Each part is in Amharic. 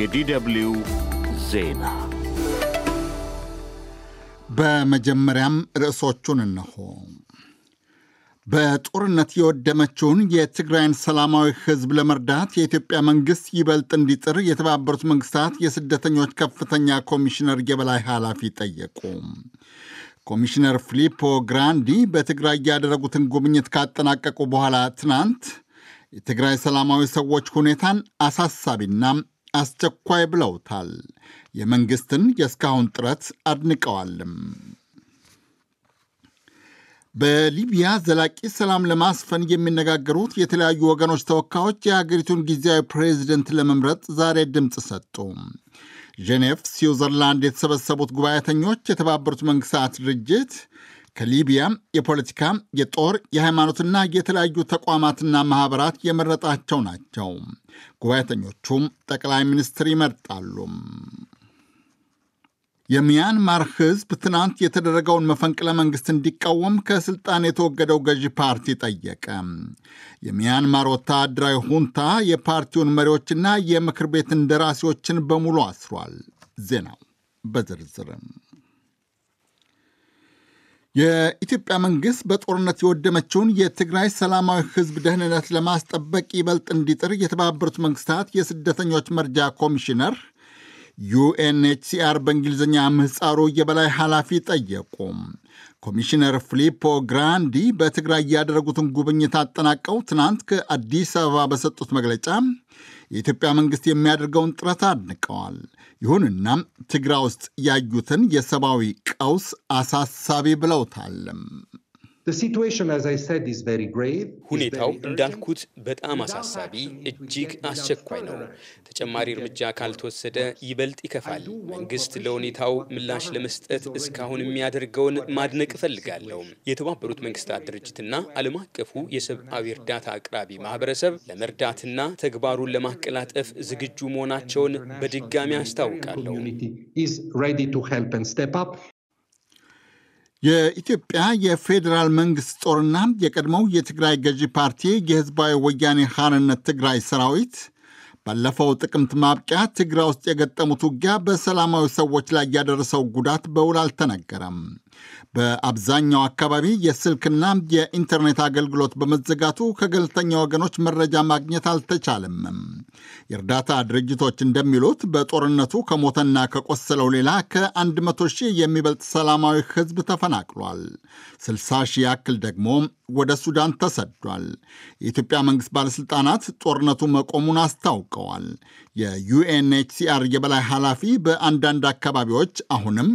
የዲደብልዩ ዜና በመጀመሪያም ርዕሶቹን እነሆ። በጦርነት የወደመችውን የትግራይን ሰላማዊ ህዝብ ለመርዳት የኢትዮጵያ መንግሥት ይበልጥ እንዲጥር የተባበሩት መንግሥታት የስደተኞች ከፍተኛ ኮሚሽነር የበላይ ኃላፊ ጠየቁ። ኮሚሽነር ፊሊፖ ግራንዲ በትግራይ ያደረጉትን ጉብኝት ካጠናቀቁ በኋላ ትናንት የትግራይ ሰላማዊ ሰዎች ሁኔታን አሳሳቢና አስቸኳይ ብለውታል። የመንግስትን የእስካሁን ጥረት አድንቀዋልም። በሊቢያ ዘላቂ ሰላም ለማስፈን የሚነጋገሩት የተለያዩ ወገኖች ተወካዮች የሀገሪቱን ጊዜያዊ ፕሬዚደንት ለመምረጥ ዛሬ ድምፅ ሰጡ። ጄኔቭ ስዊዘርላንድ የተሰበሰቡት ጉባኤተኞች የተባበሩት መንግስታት ድርጅት ከሊቢያ የፖለቲካ፣ የጦር፣ የሃይማኖትና የተለያዩ ተቋማትና ማኅበራት የመረጣቸው ናቸው። ጉባኤተኞቹም ጠቅላይ ሚኒስትር ይመርጣሉ። የሚያንማር ሕዝብ ትናንት የተደረገውን መፈንቅለ መንግሥት እንዲቃወም ከስልጣን የተወገደው ገዢ ፓርቲ ጠየቀ። የሚያንማር ወታደራዊ ሁንታ የፓርቲውን መሪዎችና የምክር ቤት እንደራሴዎችን በሙሉ አስሯል። ዜናው በዝርዝርም የኢትዮጵያ መንግስት በጦርነት የወደመችውን የትግራይ ሰላማዊ ህዝብ ደህንነት ለማስጠበቅ ይበልጥ እንዲጥር የተባበሩት መንግስታት የስደተኞች መርጃ ኮሚሽነር ዩኤንኤችሲአር በእንግሊዝኛ ምህፃሩ የበላይ ኃላፊ ጠየቁ። ኮሚሽነር ፊሊፖ ግራንዲ በትግራይ ያደረጉትን ጉብኝት አጠናቀው ትናንት ከአዲስ አበባ በሰጡት መግለጫ የኢትዮጵያ መንግስት የሚያደርገውን ጥረት አድንቀዋል። ይሁንና ትግራይ ውስጥ ያዩትን የሰብአዊ ቀውስ አሳሳቢ ብለውታል። ሁኔታው እንዳልኩት በጣም አሳሳቢ፣ እጅግ አስቸኳይ ነው። ተጨማሪ እርምጃ ካልተወሰደ ይበልጥ ይከፋል። መንግስት ለሁኔታው ምላሽ ለመስጠት እስካሁን የሚያደርገውን ማድነቅ እፈልጋለሁ። የተባበሩት መንግስታት ድርጅትና ዓለም አቀፉ የሰብአዊ እርዳታ አቅራቢ ማህበረሰብ ለመርዳትና ተግባሩን ለማቀላጠፍ ዝግጁ መሆናቸውን በድጋሚ አስታውቃለሁ። የኢትዮጵያ የፌዴራል መንግስት ጦርና የቀድሞው የትግራይ ገዢ ፓርቲ የህዝባዊ ወያኔ ሐርነት ትግራይ ሰራዊት ባለፈው ጥቅምት ማብቂያ ትግራይ ውስጥ የገጠሙት ውጊያ በሰላማዊ ሰዎች ላይ ያደረሰው ጉዳት በውል አልተነገረም። በአብዛኛው አካባቢ የስልክና የኢንተርኔት አገልግሎት በመዘጋቱ ከገለልተኛ ወገኖች መረጃ ማግኘት አልተቻለም። የእርዳታ ድርጅቶች እንደሚሉት በጦርነቱ ከሞተና ከቆሰለው ሌላ ከ100 ሺህ የሚበልጥ ሰላማዊ ሕዝብ ተፈናቅሏል። 60 ሺህ ያክል ደግሞ ወደ ሱዳን ተሰዷል። የኢትዮጵያ መንግሥት ባለሥልጣናት ጦርነቱ መቆሙን አስታውቀዋል። የዩኤንኤችሲአር የበላይ ኃላፊ በአንዳንድ አካባቢዎች አሁንም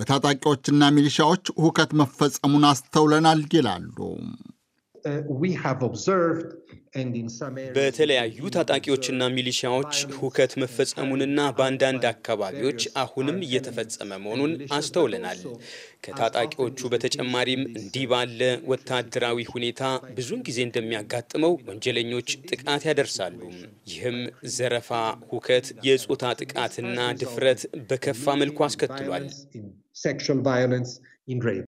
በታጣቂዎችና ሚሊሻዎች ሁከት መፈጸሙን አስተውለናል ይላሉ። uh, በተለያዩ ታጣቂዎችና ሚሊሻዎች ሁከት መፈጸሙንና በአንዳንድ አካባቢዎች አሁንም እየተፈጸመ መሆኑን አስተውለናል። ከታጣቂዎቹ በተጨማሪም እንዲህ ባለ ወታደራዊ ሁኔታ ብዙን ጊዜ እንደሚያጋጥመው ወንጀለኞች ጥቃት ያደርሳሉ። ይህም ዘረፋ፣ ሁከት፣ የጾታ ጥቃትና ድፍረት በከፋ መልኩ አስከትሏል። sexual violence in rape.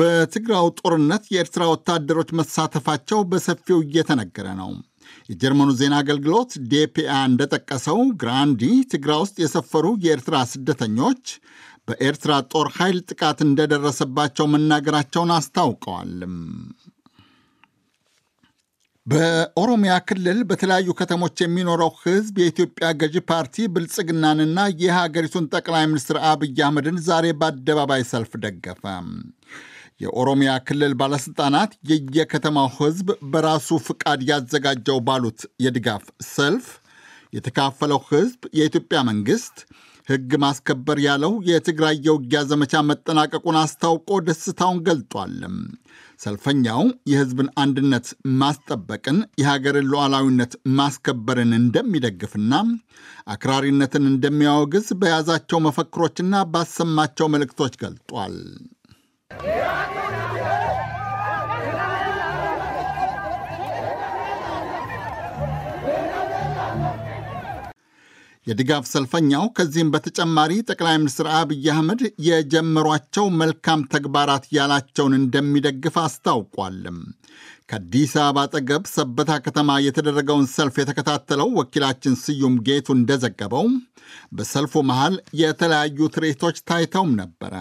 በትግራው ጦርነት የኤርትራ ወታደሮች መሳተፋቸው በሰፊው እየተነገረ ነው። የጀርመኑ ዜና አገልግሎት ዴፒአ እንደጠቀሰው ግራንዲ ትግራይ ውስጥ የሰፈሩ የኤርትራ ስደተኞች በኤርትራ ጦር ኃይል ጥቃት እንደደረሰባቸው መናገራቸውን አስታውቀዋል። በኦሮሚያ ክልል በተለያዩ ከተሞች የሚኖረው ህዝብ የኢትዮጵያ ገዢ ፓርቲ ብልጽግናንና የሀገሪቱን ጠቅላይ ሚኒስትር አብይ አህመድን ዛሬ በአደባባይ ሰልፍ ደገፈ። የኦሮሚያ ክልል ባለስልጣናት የየከተማው ህዝብ በራሱ ፍቃድ ያዘጋጀው ባሉት የድጋፍ ሰልፍ የተካፈለው ህዝብ የኢትዮጵያ መንግስት ሕግ ማስከበር ያለው የትግራይ የውጊያ ዘመቻ መጠናቀቁን አስታውቆ ደስታውን ገልጧል። ሰልፈኛው የሕዝብን አንድነት ማስጠበቅን፣ የሀገርን ሉዓላዊነት ማስከበርን እንደሚደግፍና አክራሪነትን እንደሚያወግዝ በያዛቸው መፈክሮችና ባሰማቸው መልእክቶች ገልጧል። የድጋፍ ሰልፈኛው ከዚህም በተጨማሪ ጠቅላይ ሚኒስትር አብይ አህመድ የጀመሯቸው መልካም ተግባራት ያላቸውን እንደሚደግፍ አስታውቋልም። ከአዲስ አበባ አጠገብ ሰበታ ከተማ የተደረገውን ሰልፍ የተከታተለው ወኪላችን ስዩም ጌቱ እንደዘገበው በሰልፉ መሃል የተለያዩ ትርኢቶች ታይተውም ነበረ።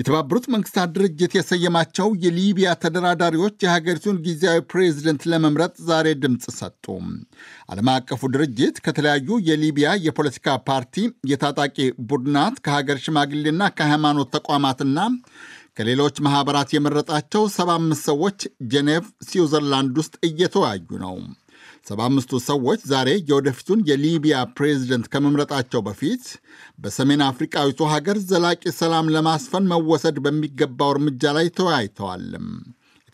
የተባበሩት መንግስታት ድርጅት የሰየማቸው የሊቢያ ተደራዳሪዎች የሀገሪቱን ጊዜያዊ ፕሬዝደንት ለመምረጥ ዛሬ ድምፅ ሰጡ። ዓለም አቀፉ ድርጅት ከተለያዩ የሊቢያ የፖለቲካ ፓርቲ፣ የታጣቂ ቡድናት፣ ከሀገር ሽማግሌና ከሃይማኖት ተቋማትና ከሌሎች ማኅበራት የመረጣቸው 75 ሰዎች ጄኔቭ ስዊዘርላንድ ውስጥ እየተወያዩ ነው። ሰባ አምስቱ ሰዎች ዛሬ የወደፊቱን የሊቢያ ፕሬዚደንት ከመምረጣቸው በፊት በሰሜን አፍሪቃዊቱ ሀገር ዘላቂ ሰላም ለማስፈን መወሰድ በሚገባው እርምጃ ላይ ተወያይተዋልም።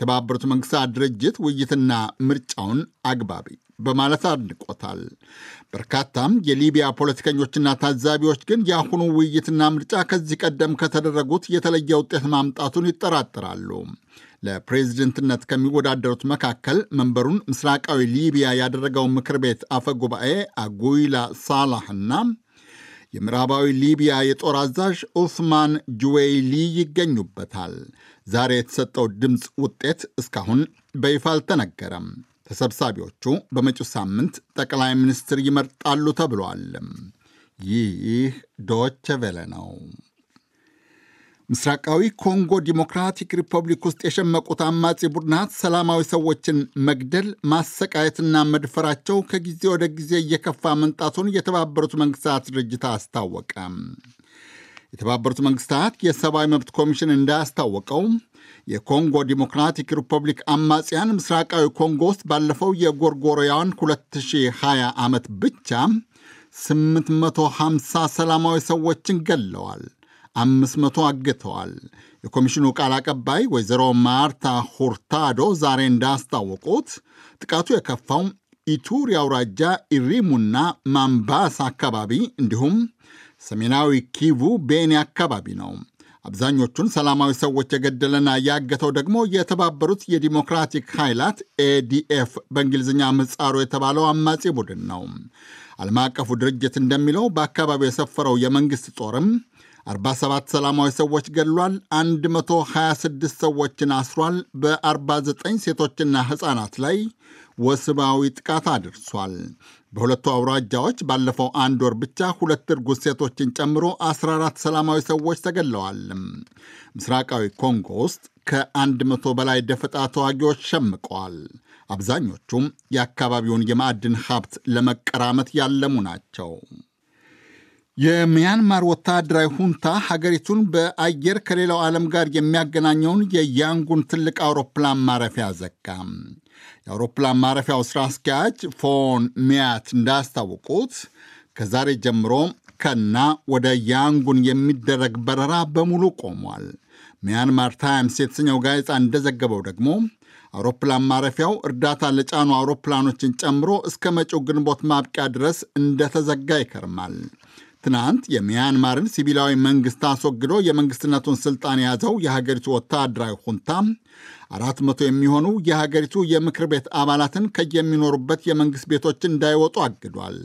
የተባበሩት መንግስታት ድርጅት ውይይትና ምርጫውን አግባቢ በማለት አድንቆታል። በርካታም የሊቢያ ፖለቲከኞችና ታዛቢዎች ግን የአሁኑ ውይይትና ምርጫ ከዚህ ቀደም ከተደረጉት የተለየ ውጤት ማምጣቱን ይጠራጠራሉ። ለፕሬዝደንትነት ከሚወዳደሩት መካከል መንበሩን ምስራቃዊ ሊቢያ ያደረገው ምክር ቤት አፈ ጉባኤ አጉይላ ሳላህና የምዕራባዊ ሊቢያ የጦር አዛዥ ኡስማን ጁዌይሊ ይገኙበታል። ዛሬ የተሰጠው ድምፅ ውጤት እስካሁን በይፋ አልተነገረም። ተሰብሳቢዎቹ በመጪው ሳምንት ጠቅላይ ሚኒስትር ይመርጣሉ ተብሏል። ይህ ዶቸ ቬለ ነው። ምስራቃዊ ኮንጎ ዲሞክራቲክ ሪፐብሊክ ውስጥ የሸመቁት አማጺ ቡድናት ሰላማዊ ሰዎችን መግደል ማሰቃየትና መድፈራቸው ከጊዜ ወደ ጊዜ እየከፋ መምጣቱን የተባበሩት መንግስታት ድርጅት አስታወቀ። የተባበሩት መንግስታት የሰብአዊ መብት ኮሚሽን እንዳስታወቀው የኮንጎ ዲሞክራቲክ ሪፐብሊክ አማጽያን ምስራቃዊ ኮንጎ ውስጥ ባለፈው የጎርጎሮያን 2020 ዓመት ብቻ 850 ሰላማዊ ሰዎችን ገለዋል። አምስት መቶ አግተዋል። የኮሚሽኑ ቃል አቀባይ ወይዘሮ ማርታ ሁርታዶ ዛሬ እንዳስታወቁት ጥቃቱ የከፋው ኢቱሪ አውራጃ ኢሪሙና ማምባስ አካባቢ እንዲሁም ሰሜናዊ ኪቡ ቤኒ አካባቢ ነው። አብዛኞቹን ሰላማዊ ሰዎች የገደለና ያገተው ደግሞ የተባበሩት የዲሞክራቲክ ኃይላት ኤዲኤፍ በእንግሊዝኛ ምጻሩ የተባለው አማጺ ቡድን ነው። ዓለም አቀፉ ድርጅት እንደሚለው በአካባቢው የሰፈረው የመንግሥት ጦርም 47 ሰላማዊ ሰዎች ገድሏል። 126 ሰዎችን አስሯል። በ49 ሴቶችና ሕፃናት ላይ ወስባዊ ጥቃት አድርሷል። በሁለቱ አውራጃዎች ባለፈው አንድ ወር ብቻ ሁለት እርጉዝ ሴቶችን ጨምሮ 14 ሰላማዊ ሰዎች ተገድለዋል። ምስራቃዊ ኮንጎ ውስጥ ከ100 በላይ ደፈጣ ተዋጊዎች ሸምቀዋል። አብዛኞቹም የአካባቢውን የማዕድን ሀብት ለመቀራመት ያለሙ ናቸው። የሚያንማር ወታደራዊ ሁንታ ሀገሪቱን በአየር ከሌላው ዓለም ጋር የሚያገናኘውን የያንጉን ትልቅ አውሮፕላን ማረፊያ ዘጋ። የአውሮፕላን ማረፊያው ስራ አስኪያጅ ፎን ሚያት እንዳስታወቁት ከዛሬ ጀምሮ ከና ወደ ያንጉን የሚደረግ በረራ በሙሉ ቆሟል። ሚያንማር ታይምስ የተሰኘው ጋዜጣ እንደዘገበው ደግሞ አውሮፕላን ማረፊያው እርዳታ ለጫኑ አውሮፕላኖችን ጨምሮ እስከ መጪው ግንቦት ማብቂያ ድረስ እንደተዘጋ ይከርማል። ትናንት የሚያንማርን ሲቪላዊ መንግስት አስወግዶ የመንግስትነቱን ስልጣን የያዘው የሀገሪቱ ወታደራዊ ሁንታ አራት መቶ የሚሆኑ የሀገሪቱ የምክር ቤት አባላትን ከየሚኖሩበት የመንግስት ቤቶች እንዳይወጡ አግዷል።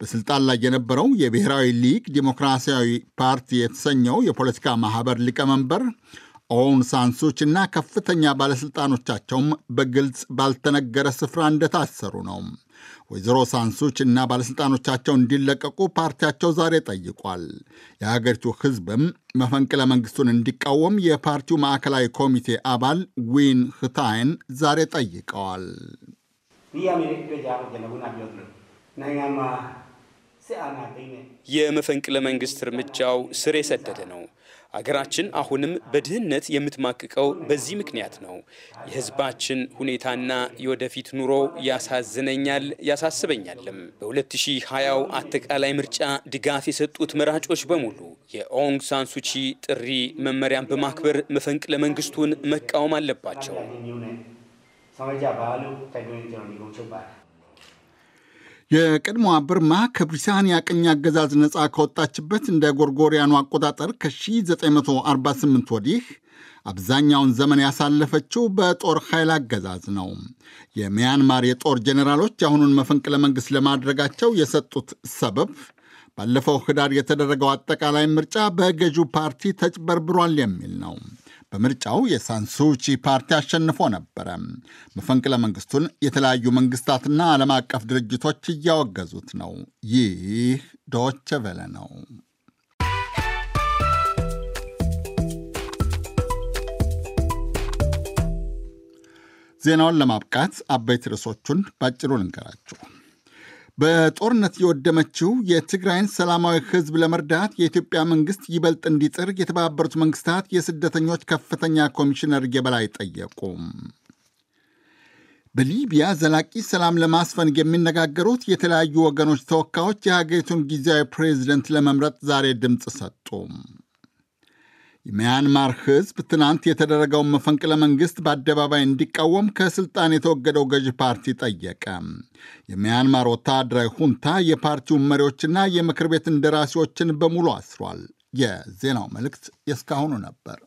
በስልጣን ላይ የነበረው የብሔራዊ ሊግ ዲሞክራሲያዊ ፓርቲ የተሰኘው የፖለቲካ ማህበር ሊቀመንበር ኦውን ሳንሶች እና ከፍተኛ ባለሥልጣኖቻቸውም በግልጽ ባልተነገረ ስፍራ እንደታሰሩ ነው። ወይዘሮ ሳንሱች እና ባለሥልጣኖቻቸው እንዲለቀቁ ፓርቲያቸው ዛሬ ጠይቋል። የሀገሪቱ ሕዝብም መፈንቅለ መንግሥቱን እንዲቃወም የፓርቲው ማዕከላዊ ኮሚቴ አባል ዊን ህታይን ዛሬ ጠይቀዋል። የመፈንቅለ መንግሥት እርምጃው ስር የሰደደ ነው። አገራችን አሁንም በድህነት የምትማቅቀው በዚህ ምክንያት ነው። የህዝባችን ሁኔታና የወደፊት ኑሮ ያሳዝነኛል ያሳስበኛልም። በ2020 አጠቃላይ ምርጫ ድጋፍ የሰጡት መራጮች በሙሉ የኦንግ ሳንሱቺ ጥሪ መመሪያን በማክበር መፈንቅለ መንግስቱን መቃወም አለባቸው። የቀድሞዋ ብርማ ከብሪታንያ ቅኝ አገዛዝ ነፃ ከወጣችበት እንደ ጎርጎሪያኑ አቆጣጠር ከ1948 ወዲህ አብዛኛውን ዘመን ያሳለፈችው በጦር ኃይል አገዛዝ ነው። የሚያንማር የጦር ጄኔራሎች አሁኑን መፈንቅለ መንግሥት ለማድረጋቸው የሰጡት ሰበብ ባለፈው ህዳር የተደረገው አጠቃላይ ምርጫ በገዢው ፓርቲ ተጭበርብሯል የሚል ነው። በምርጫው የሳንሱቺ ፓርቲ አሸንፎ ነበረ። መፈንቅለ መንግስቱን የተለያዩ መንግስታትና ዓለም አቀፍ ድርጅቶች እያወገዙት ነው። ይህ ዶች ቨለ ነው። ዜናውን ለማብቃት አበይት ርዕሶቹን ባጭሩ ልንገራችሁ። በጦርነት የወደመችው የትግራይን ሰላማዊ ህዝብ ለመርዳት የኢትዮጵያ መንግስት ይበልጥ እንዲጥር የተባበሩት መንግስታት የስደተኞች ከፍተኛ ኮሚሽነር የበላይ ጠየቁ። በሊቢያ ዘላቂ ሰላም ለማስፈን የሚነጋገሩት የተለያዩ ወገኖች ተወካዮች የሀገሪቱን ጊዜያዊ ፕሬዚደንት ለመምረጥ ዛሬ ድምፅ ሰጡ። የሚያንማር ህዝብ ትናንት የተደረገውን መፈንቅለ መንግስት በአደባባይ እንዲቃወም ከስልጣን የተወገደው ገዢ ፓርቲ ጠየቀ። የሚያንማር ወታደራዊ ሁንታ የፓርቲውን መሪዎችና የምክር ቤት እንደራሴዎችን በሙሉ አስሯል። የዜናው መልእክት የእስካሁኑ ነበር።